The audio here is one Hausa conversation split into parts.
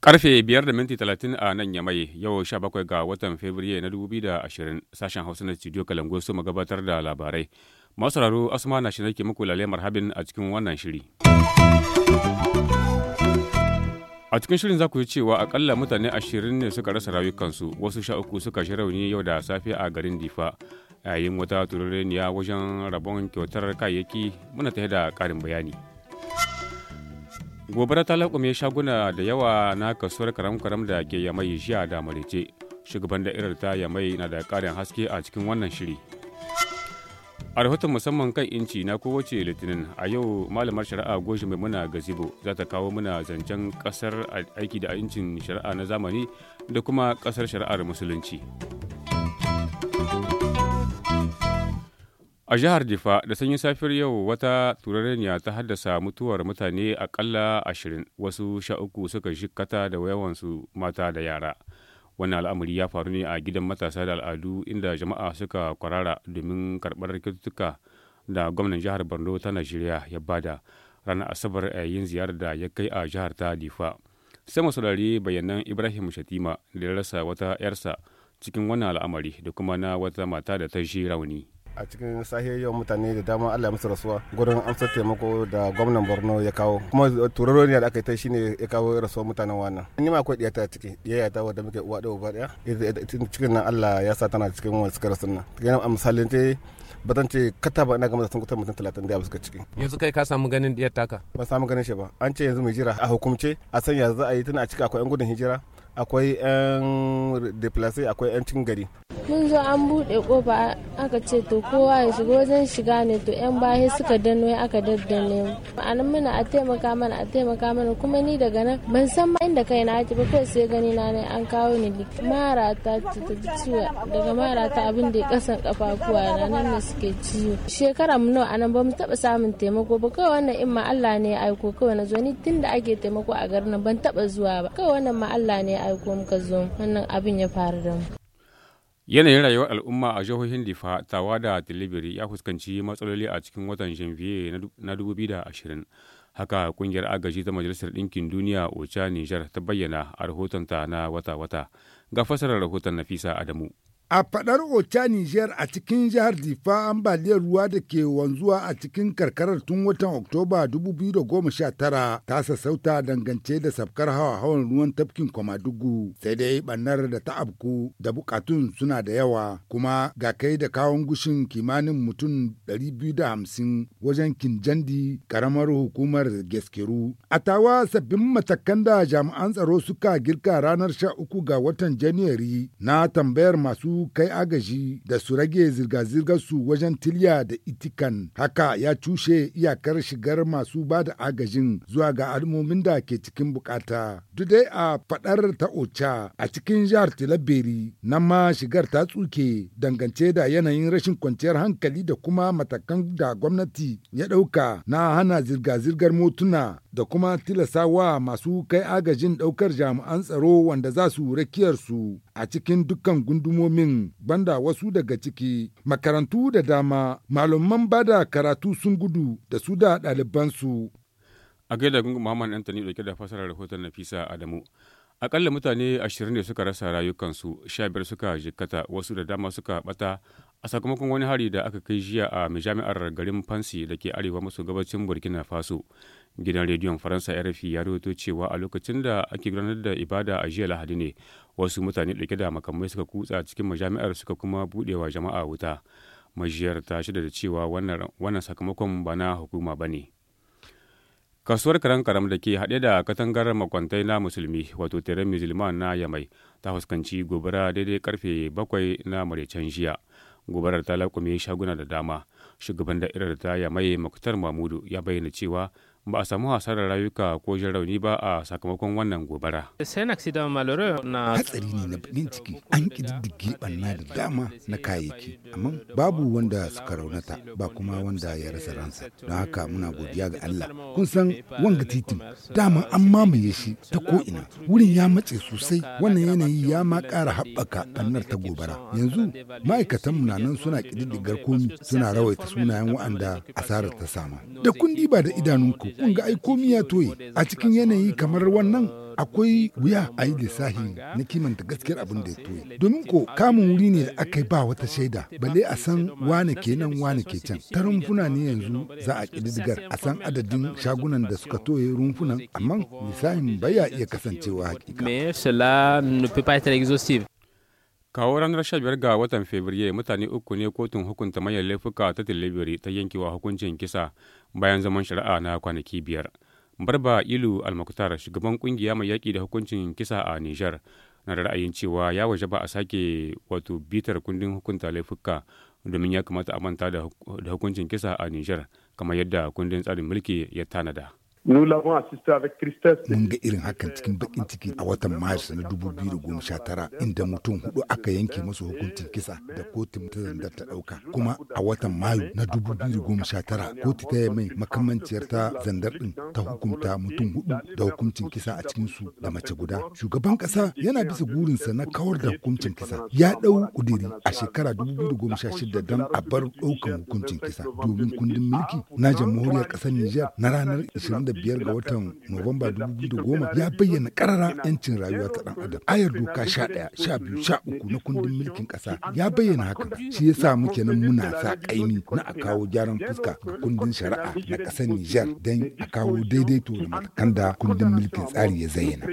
Karfe biyar da minti talatin a nan ya Yamai yau sha bakwai ga watan Fabrairu na dubu biyu da ashirin sashen Hausa na studio Kalangu su gabatar da labarai. Masu sauraro Asma na shi ke muku lalemar habin a cikin wannan shiri. A cikin shirin za ku yi cewa akalla mutane ashirin ne suka rasa rayukansu wasu sha uku suka shi rauni yau da safe a garin Difa yayin wata turureniya wajen rabon kyautar kayayyaki muna tare da karin bayani. Gobara ta laƙume shaguna da yawa na kasuwar karam-karam da ke yamai jiya da marece. Shugaban da'irar ta yamai na da ƙarin haske a cikin wannan shiri. a rahoton musamman kan inci na kowace litinin a yau malamar shari'a goshi mai muna gazibo za ta kawo muna zancen kasar aiki da incin shari'a na zamani da kuma kasar shari'ar musulunci a jihar difa da sanyin safiyar yau wata turaniya ta haddasa mutuwar mutane akalla ashirin wasu sha uku suka shikata da yawansu mata da yara wannan al'amari ya faru ne a gidan matasa da al'adu inda jama'a suka kwarara domin karɓar kyaututtuka da gwamnan jihar borno ta najeriya ya bada ranar asabar a eh, yin ziyarar da ya kai a jihar ta difa sai masaurari bayanan ibrahim shatima da ya rasa wata yarsa cikin wannan al'amari da kuma na wata mata da ta je rauni a cikin sahiyar yau mutane da dama Allah musu rasuwa gurin amsar taimako da gwamnan Borno ya kawo kuma turoro ne da aka yi ta shine ya kawo rasuwar mutanen wannan ni ma akwai diyata ciki ya ta wadda muke uwa da uba daya cikin nan Allah ya sa tana cikin wani sukar sunna nan yana a misalin te ba zan ce kata ba ina gama sun kuta mutum talatin da suka ciki yanzu kai ka samu ganin diyar taka ba samu ganin shi ba an ce yanzu mai jira a hukumce a sanya za a yi tana a ciki akwai yan gudun hijira akwai 'yan deplace akwai 'yan cikin gari mun zo an buɗe kofa aka ce to kowa ya shiga wajen shiga ne to 'yan bahe suka dano ya aka daddane ma'anin mana a taimaka mana a taimaka mana kuma ni daga nan ban san ma inda kai na ake ba kai sai gani na ne an kawo ni mara ta ciwo daga mara ta abin da ya kasan kafafuwa na nan ne suke ciwo shekara mu nawa anan ba mu taba samun taimako ba kawai wannan in ma Allah ne ya aiko kawai na zo ni tunda ake taimako a garin ban taba zuwa ba kawai wannan ma Allah ne aiko muka zo wannan abin ya faru da yanayin rayuwar al'umma a jihohin difa tawa da tilibiri ya fuskanci matsaloli a cikin watan janvier na 2020 haka kungiyar agaji ta majalisar ɗinkin duniya ocha nijar ta bayyana a rahotonta na wata-wata ga fasarar rahoton nafisa adamu A faɗar Ota Niger a cikin jihar Difa ambaliyar ruwa da ke wanzuwa a cikin karkarar tun watan Oktoba 2019 ta sassauta dangance da safkar hawa-hawan ruwan tafkin Kwamadugu sai dai ɓannar da ta abku da bukatun suna da yawa kuma ga kai da kawon gushin kimanin mutum 250 wajen Kinjandi karamar hukumar Geskeru. A tawa sabbin matakan da jami'an tsaro suka girka ranar sha uku ga watan Janairu na tambayar masu kai agaji da su rage zirga zirgar su wajen tilya da itikan haka ya cushe iyakar shigar masu ba da agajin zuwa ga al'ummomin da ke cikin bukata. dai a fadar ta Ocha a cikin jihar Tilaberi nan ma shigar ta tsuke dangance da yanayin rashin kwanciyar hankali da kuma matakan da gwamnati ya ɗauka na hana zirga-zirgar motuna da kuma tilasawa masu kai agajin ɗaukar jami'an tsaro wanda za su su a cikin dukkan gundumomin ɗin banda wasu daga ciki makarantu da dama malaman bada karatu sun gudu da su da ɗalibansu. A gaida gungun Muhammad Antani dauke da fasarar rahoton Nafisa Adamu. Akalla mutane ashirin ne suka rasa rayukansu, sha biyar suka jikkata, wasu da dama suka bata a sakamakon wani hari da aka kai jiya a majami'ar garin Fansi da ke arewa maso gabacin Burkina Faso. gidan rediyon faransa rfi ya rawaito cewa a lokacin da ake gudanar da ibada a jiya lahadi ne wasu mutane dauke da makamai suka kutsa cikin majami'ar suka kuma buɗewa jama'a wuta majiyar ta shida da cewa wannan sakamakon ba na hukuma ba ne kasuwar karan karam da ke haɗe da katangar makwantai na musulmi wato tere musulman na yamai ta fuskanci gobara daidai karfe bakwai na maraicen jiya gobarar ta laƙume shaguna da dama shugaban da'irar ta yamai muktar mamudu ya bayyana cewa ba a samu hasarar rayuka ko jin rauni ba a sakamakon wannan gobara. Hatsari ne na baɗin ciki an ƙididdige ɓanna da dama na kayayyaki, amma babu wanda suka raunata ba kuma wanda ya rasa ransa. Don haka muna godiya ga Allah. Kun san wanga titin dama an mamaye shi ta ko'ina wurin ya matse sosai wannan yanayi ya ma ƙara haɓaka ɓannar ta gobara. Yanzu ma'aikatanmu na nan suna ƙididdigar komi suna rawaita sunayen wa'anda asarar ta sama. Da kundi diba da idanunku kun ga ai komi ya toye a cikin yanayi kamar wannan akwai wuya a yi lissahi na kimanta gaskiyar abin da ya toye domin ko kamun wuri ne da aka ba wata shaida balle a san wane ke nan wane ke can ta rumfuna ne yanzu za a ƙididdigar a san adadin shagunan da suka toye rumfunan amma lissahin ya iya kasancewa hakika. Kawo ranar 15 ga watan Fabrairu mutane uku ne kotun hukunta manyan laifuka ta Tilibiri ta yankewa hukuncin kisa bayan zaman shari'a na kwanaki biyar. Barba Ilu Almakutar shugaban kungiya mai yaƙi da hukuncin kisa a Nijar na da ra'ayin cewa ya waje ba a sake wato bitar kundin hukunta laifuka domin ya kamata a manta da hukuncin kisa a Nijar kamar yadda kundin tsarin mulki ya tanada. Nous l'avons assisté avec tristesse. Mun ga irin hakan cikin bakin ciki a watan Maris na 2019 inda mutum hudu aka yanke musu hukuncin kisa da kotun ta ta dauka. Kuma a watan Mayu na 2019 kotu ta yi mai makamanciyar ta zandar din ta hukunta mutum hudu da hukuncin kisa a cikin su da mace guda. Shugaban kasa yana bisa gurinsa na kawar da hukuncin kisa. Ya dau kudiri a shekara 2016 don a bar daukan hukuncin kisa domin kundin mulki na jamhuriyar kasar Nijar na ranar 20 biyar ga watan Nuwamba 2010 ya bayyana karara 'yancin rayuwa ta dan adam. Ayar doka 11, 12, 13 na kundin mulkin kasa ya bayyana haka. Shi yasa muke nan muna sa kaimi na a kawo gyaran fuska ga kundin shari'a na ƙasar Nijar dan a kawo daidaito da matakan da kundin mulkin tsari ya zayyana.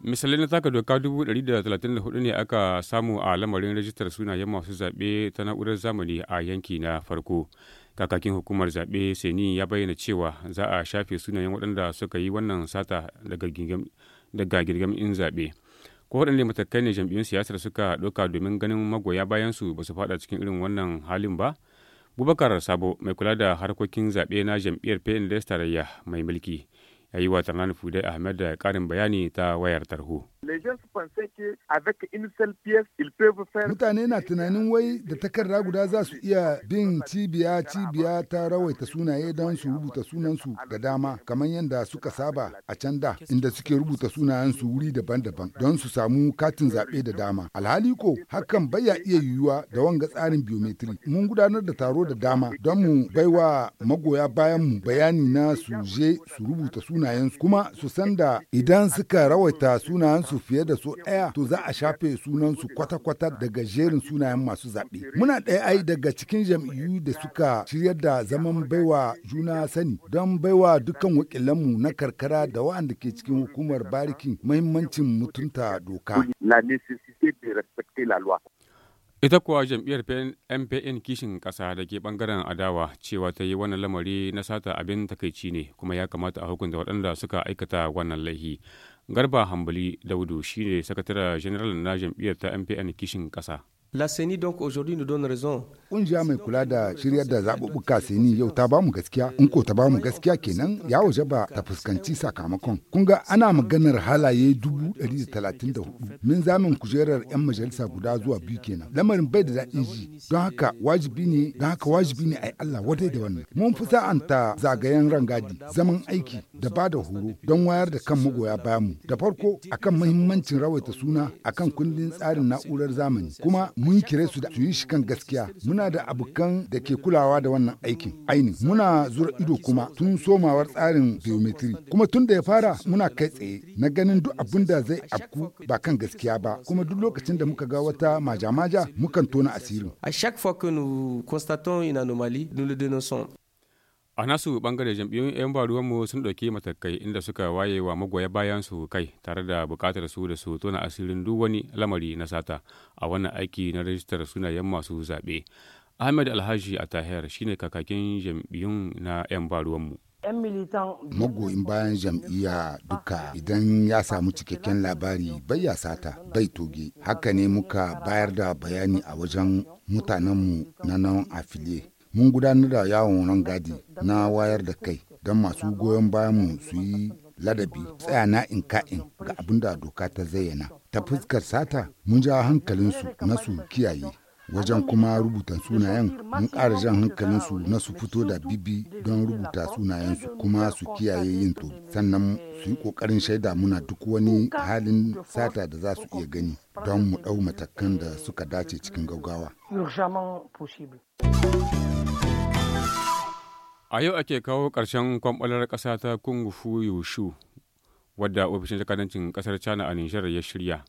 misali na taka doka 134 ne aka samu a lamarin rajistar sunayen masu zaɓe ta na'urar zamani a yanki na farko kakakin hukumar zaɓe seni ya bayyana cewa za a shafe sunayen waɗanda suka yi wannan sata daga in zaɓe ko waɗanda matakai ne jam'iyyun siyasar suka ɗauka domin ganin magoya bayan su ba su faɗa cikin irin wannan halin ba bubakar sabo mai kula da harkokin zaɓe na jam'iyyar pnds tarayya mai mulki ya yi wa tarnani fudai ahmed da ƙarin bayani ta wayar tarho Mutane na tunanin wai da takarda guda za su iya bin cibiya cibiya ta rawaita sunaye don su rubuta sunansu da dama kamar yadda suka saba a can da inda suke rubuta sunayensu wuri daban-daban don su samu katin zaɓe da dama. Alhali ko hakan baya iya yiwuwa da wanga tsarin biometri. Mun gudanar da taro da dama don mu baiwa magoya bayan mu bayani na su je su rubuta sunayensu kuma su san da idan suka rawaita sunayensu fiye da so ɗaya to za a shafe sunansu kwata-kwata daga jerin sunayen masu zaɓe. Muna ɗaya ai daga cikin jam'iyyu da suka shiryar da zaman baiwa juna sani don baiwa dukkan wakilanmu na karkara da wa'anda ke cikin hukumar barikin mahimmancin mutunta doka. Ita kuwa jam'iyyar MPN kishin ƙasa da ke ɓangaren adawa cewa ta yi wannan lamari na sata abin takaici ne kuma ya kamata a hukunta waɗanda suka aikata wannan laihi. Garba Hambali Daudu shi ne sakatare general na jam'iyyar ta MPN kishin kasa. La CENI donc aujourd'hui nous donne raison. Kungiya mai kula da shiryar da zaɓuɓɓuka CENI yau ta bamu gaskiya, in ko ta bamu gaskiya kenan ya waje ba ta fuskanci sakamakon. Kun ga ana maganar halaye dubu da talatin da min zamin kujerar 'yan majalisa guda zuwa biyu kenan. Lamarin bai da daɗin ji, don haka wajibi ne, don haka wajibi ne a Allah wadai da wannan. Mun fi sa'anta zagayen rangadi, zaman aiki da ba da horo don wayar da kan magoya bayanmu. Da farko akan muhimmancin rawaita suna akan kundin tsarin na'urar zamani, kuma mun kire su da su yi shi kan gaskiya muna da abokan da ke kulawa da wannan aikin aini muna zura ido kuma tun somawar tsarin biometri kuma tun da ya fara muna kai tsaye na ganin duk abin da zai afku ba kan gaskiya ba kuma duk lokacin da muka ga wata majamaja mukan tona asirin a chaque fois que nous constatons une anomalie nous le dénonçons a nasu bangare jam'iyyun 'yan baruwanmu sun ɗauki matakai inda suka waye wa magoya bayan su kai tare da buƙatar su da su tona asirin duk wani lamari na sata a wannan aiki na rajistar sunayen masu zaɓe ahmed alhaji a tahir shine kakakin jam'iyyun na 'yan baruwanmu magoyin bayan jam'iyya duka idan ya samu cikakken labari bai ya sata bai toge haka ne muka bayar da bayani a wajen mutanenmu na nan afiliye mun gudanar da yawon rangadi na wayar da kai don masu goyon bayanmu su yi ladabi tsaya na in ka'in ga abin da doka ta zayyana ta fuskar sata mun ja hankalinsu na su kiyaye wajen kuma rubuta sunayen mun ƙara jan hankalinsu na su fito da bibi don rubuta sunayensu kuma su kiyaye yin to sannan su yi ƙoƙarin shaida muna duk wani halin sata da za su iya gani don mu ɗau matakan da suka dace cikin gaugawa. A yau ake kawo ƙarshen kwamɓalar ƙasa ta Kung Fu Yushu, wadda ofishin jakadancin ƙasar China a Nijar ya shirya.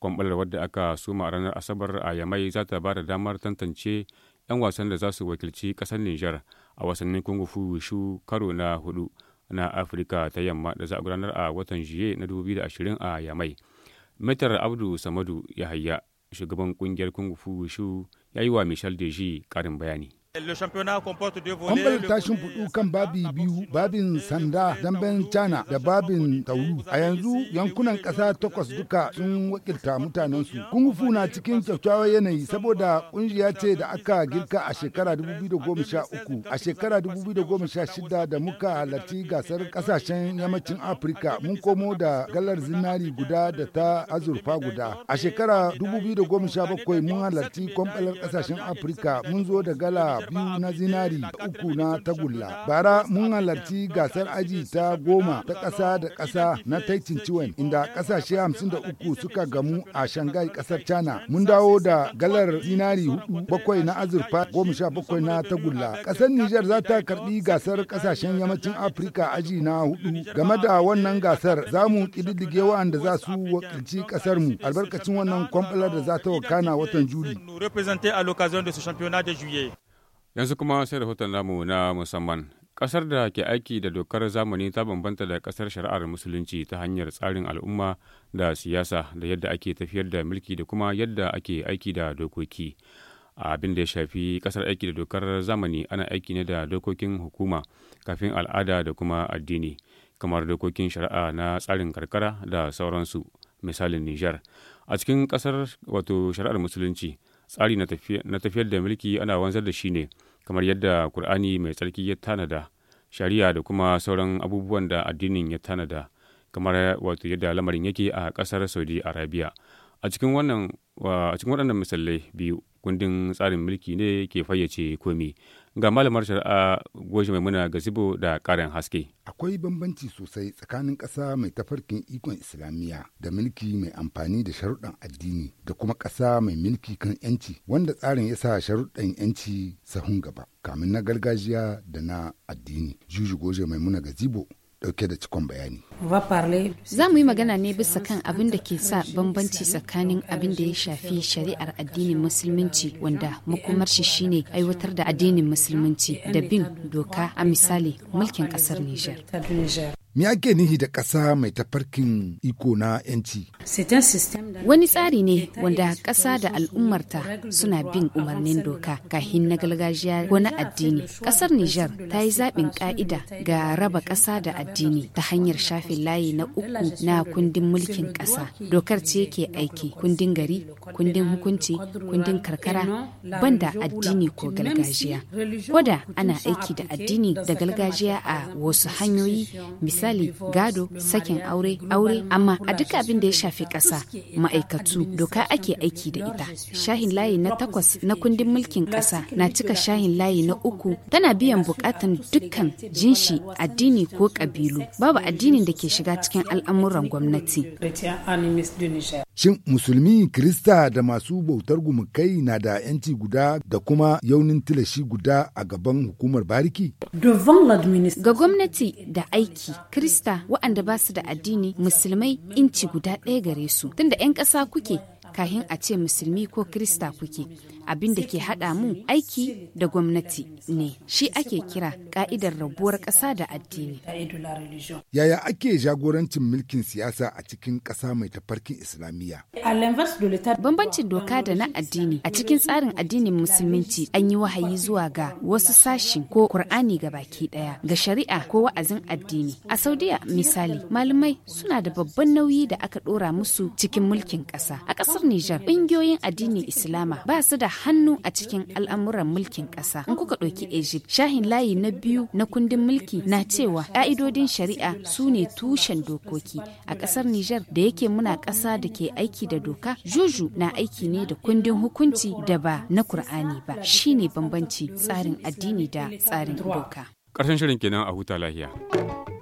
Kwamɓalar wadda aka suma a ranar Asabar a Yamai za ta ba da damar tantance 'yan wasan da za su wakilci ƙasar Nijar a wasannin Kung Fu Yushu karo na hudu na Afirka ta yamma da za a gudanar a watan Juye na 2020 a Yamai. Mitar Abdu Samadu Yahaya, shugaban ƙungiyar Kung Fu Wushu, ya yi wa Michel Deji karin bayani. an bari tashin kudu kan babi biyu, babin sanda damben China da babin taulu. A yanzu yankunan ƙasa takwas duka sun wakilta mutanensu. Kungufu na cikin kyakkyawar yanayi saboda ƙungiya ce da aka girka a shekara 2013. A shekara 2016 da muka halarci gasar ƙasashen yammacin Afirka mun komo da galar zinari guda da ta azurfa guda. A shekara 2017 mun halarci kwamfalar ƙasashen Afirka mun zo da gala biyu na zinari da uku na tagulla. Bara mun halarci gasar aji ta goma ta kasa da ƙasa na Taitin Ciwen inda ƙasashe hamsin da uku suka gamu a Shanghai ƙasar China. Mun dawo da galar zinari hudu bakwai na azurfa goma sha bakwai na tagulla. Ƙasar Nijar za ta karɓi gasar kasashen yammacin Afirka aji na hudu. Game da wannan gasar za mu ƙididdige waɗanda za su wakilci ƙasarmu albarkacin wannan kwamfalar da za ta wakana watan Juli. Yanzu kuma sai rahoton namu na musamman. Ƙasar da ke aiki da dokar zamani ta bambanta da ƙasar shari'ar musulunci ta hanyar tsarin al'umma da siyasa da yadda ake tafiyar da mulki da kuma yadda ake aiki da dokoki. abin da ya shafi kasar aiki da dokar zamani ana aiki ne da dokokin hukuma kafin al'ada da kuma addini kamar dokokin shari'a na tsarin karkara da sauransu misalin nijar a cikin ƙasar wato shari'ar musulunci tsari na tafiyar da mulki ana wanzar da shi ne kamar yadda Kur'ani mai tsarki ya tanada, shari'a da kuma sauran abubuwan da addinin ya tanada, kamar wato yadda lamarin yake a ƙasar Saudi Arabia. A cikin wannan a misalai biyu, kundin tsarin mulki ne ke fayyace komi Ga malamar shari'a goshi mai muna gazibo da karin haske. Akwai bambanci sosai tsakanin ƙasa mai tafarkin ikon Islamiyya da mulki mai amfani da sharuɗan addini da kuma ƙasa mai mulki kan 'yanci wanda tsarin ya sa sharuɗan 'yanci sahun gaba kamin na gargajiya da na addini. Juju goje mai muna gazibo dauke da cikon bayani. Za mu yi magana ne bisa kan abin da ke sa bambanci tsakanin abin da ya shafi shari'ar addinin musulunci wanda makomar shi shine aiwatar da addinin musulunci da bin doka a misali mulkin kasar Nijar. Me ake nihi da ƙasa mai tafarkin iko na 'yanci? Wani tsari ne wanda ƙasa da al'ummarta suna bin umarnin doka kahin na gargajiya ko na addini. Ƙasar Nijar ta yi zaɓin ƙa'ida ga raba ƙasa da addini ta hanyar shafin layi na uku na kundin mulkin ƙasa. Dokar ce ke aiki kundin gari, kundin hukunci, kundin karkara, banda addini ko gargajiya. da ana aiki da addini da gargajiya a wasu hanyoyi misali misali gado sakin aure aure amma a duk abin da ya shafi kasa ma'aikatu doka ake aiki da ita shahin layi na takwas na kundin mulkin kasa na cika shahin layi na uku tana biyan bukatan dukkan jinshi addini ko ƙabilu babu addinin da ke shiga cikin al'amuran gwamnati Shin musulmi, kirista da masu bautar gumukai na da 'yanci guda da kuma yaunin tilashi guda a gaban hukumar bariki? Ga gwamnati da aiki, kirista waɗanda ba su da addini musulmai inci guda ɗaya gare su, tunda 'yan ƙasa kuke kahin a ce musulmi ko krista kuke abin da ke haɗa mu aiki da gwamnati ne shi ake kira ka'idar rabuwar ƙasa da addini yaya ake jagorancin mulkin siyasa a cikin ƙasa mai tafarkin islamiyya bambancin doka da na addini a cikin tsarin addinin musulminci an yi wahayi zuwa ga wasu sashin ko qur'ani ga baki daya ga shari'a ko wa'azin addini a saudiya misali malamai suna da babban nauyi da aka dora musu cikin mulkin ƙasa a ƙasar Nijar ƙungiyoyin addinin Islama ba su da hannu a cikin al'amuran mulkin ƙasa. In kuka ɗauki Egypt, shahin layi na biyu na kundin mulki na cewa ƙa'idodin shari'a su ne tushen dokoki. A ƙasar Nijar da yake muna ƙasa da ke aiki da doka, juju na aiki ne da kundin hukunci da ba na Kur'ani ba. Shi ne bambanci tsarin addini da tsarin doka. Ƙarshen shirin kenan a huta lahiya.